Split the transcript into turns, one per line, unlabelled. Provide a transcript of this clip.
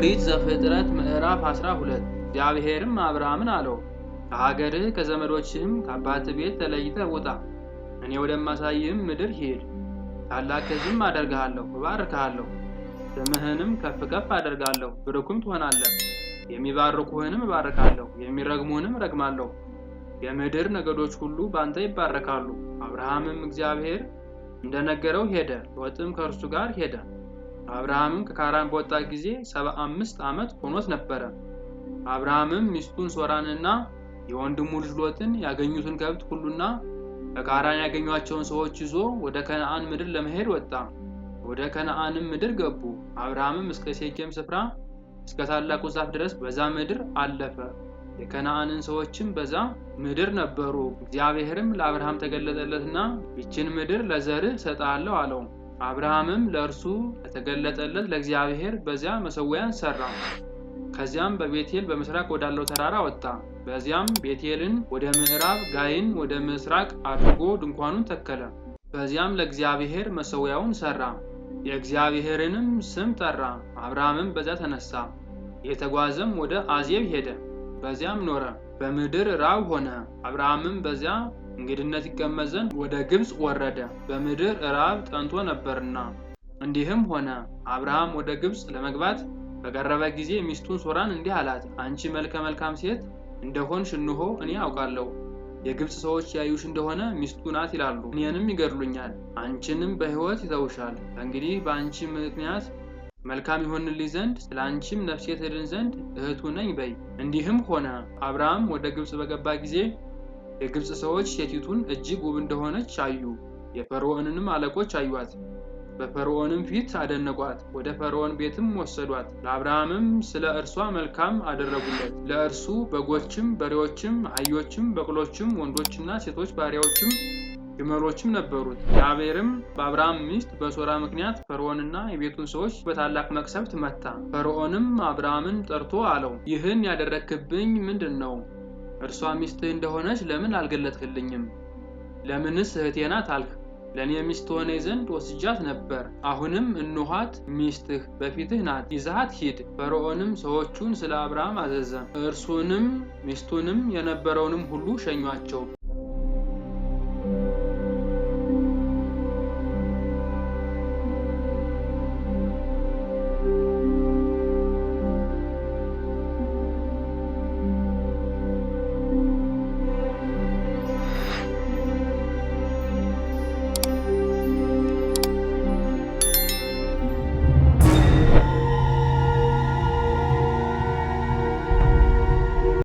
ኦሪት ዘፍጥረት ምዕራፍ 12 እግዚአብሔርም አብርሃምን አለው ከሀገርህ ከዘመዶችህም ከአባት ቤት ተለይተ ውጣ፣ እኔ ወደማሳይህም ምድር ሂድ። ታላቅ ሕዝብም አደርግሃለሁ፣ እባርክሃለሁ፣ ስምህንም ከፍ ከፍ አደርጋለሁ፣ ብርኩም ትሆናለህ። የሚባርኩህንም እባርካለሁ፣ የሚረግሙንም እረግማለሁ። የምድር ነገዶች ሁሉ በአንተ ይባረካሉ። አብርሃምም እግዚአብሔር እንደነገረው ሄደ፣ ሎጥም ከእርሱ ጋር ሄደ። አብርሃምም ከካራን በወጣ ጊዜ ሰባ አምስት ዓመት ሆኖት ነበረ። አብርሃምም ሚስቱን ሶራንና የወንድሙ ልጅ ሎጥን ያገኙትን ከብት ሁሉና በካራን ያገኟቸውን ሰዎች ይዞ ወደ ከነአን ምድር ለመሄድ ወጣ። ወደ ከነአንም ምድር ገቡ። አብርሃምም እስከ ሴኬም ስፍራ እስከ ታላቁ ዛፍ ድረስ በዛ ምድር አለፈ። የከነአንን ሰዎችም በዛ ምድር ነበሩ። እግዚአብሔርም ለአብርሃም ተገለጠለትና ይችን ምድር ለዘርህ እሰጥሃለሁ አለው። አብርሃምም ለእርሱ ለተገለጠለት ለእግዚአብሔር በዚያ መሰዊያን ሰራ። ከዚያም በቤቴል በምስራቅ ወዳለው ተራራ ወጣ። በዚያም ቤቴልን ወደ ምዕራብ፣ ጋይን ወደ ምስራቅ አድርጎ ድንኳኑን ተከለ። በዚያም ለእግዚአብሔር መሰዊያውን ሰራ፣ የእግዚአብሔርንም ስም ጠራ። አብርሃምም በዚያ ተነሳ፣ የተጓዘም ወደ አዜብ ሄደ፣ በዚያም ኖረ። በምድር ራብ ሆነ። አብርሃምም በዚያ እንግድነት ይቀመጥ ዘንድ ወደ ግብፅ ወረደ፣ በምድር ራብ ጠንቶ ነበርና። እንዲህም ሆነ አብርሃም ወደ ግብፅ ለመግባት በቀረበ ጊዜ ሚስቱን ሶራን እንዲህ አላት፣ አንቺ መልከ መልካም ሴት እንደሆንሽ እንሆ እኔ አውቃለሁ። የግብፅ ሰዎች ያዩሽ እንደሆነ ሚስቱ ናት ይላሉ፣ እኔንም ይገድሉኛል፣ አንቺንም በሕይወት ይተውሻል። እንግዲህ በአንቺ ምክንያት መልካም ይሆንልኝ ዘንድ ስለ አንቺም ነፍሴ ትድን ዘንድ እህቱ ነኝ በይ። እንዲህም ሆነ አብርሃም ወደ ግብፅ በገባ ጊዜ የግብፅ ሰዎች ሴቲቱን እጅግ ውብ እንደሆነች አዩ። የፈርዖንንም አለቆች አዩአት፣ በፈርዖንም ፊት አደነቋት። ወደ ፈርዖን ቤትም ወሰዷት። ለአብርሃምም ስለ እርሷ መልካም አደረጉለት። ለእርሱ በጎችም፣ በሬዎችም፣ አህዮችም፣ በቅሎችም፣ ወንዶችና ሴቶች ባሪያዎችም ግመሎችም ነበሩት። ያቤርም በአብርሃም ሚስት በሶራ ምክንያት ፈርዖንና የቤቱን ሰዎች በታላቅ መቅሰፍት መታ። ፈርዖንም አብርሃምን ጠርቶ አለው፣ ይህን ያደረክብኝ ምንድን ነው? እርሷ ሚስትህ እንደሆነች ለምን አልገለጥህልኝም? ለምንስ እህቴ ናት አልክ? ለእኔ ሚስት ሆነ ዘንድ ወስጃት ነበር። አሁንም እንኋት ሚስትህ በፊትህ ናት፣ ይዛሃት ሂድ። ፈርዖንም ሰዎቹን ስለ አብርሃም አዘዘ። እርሱንም ሚስቱንም የነበረውንም ሁሉ ሸኟቸው።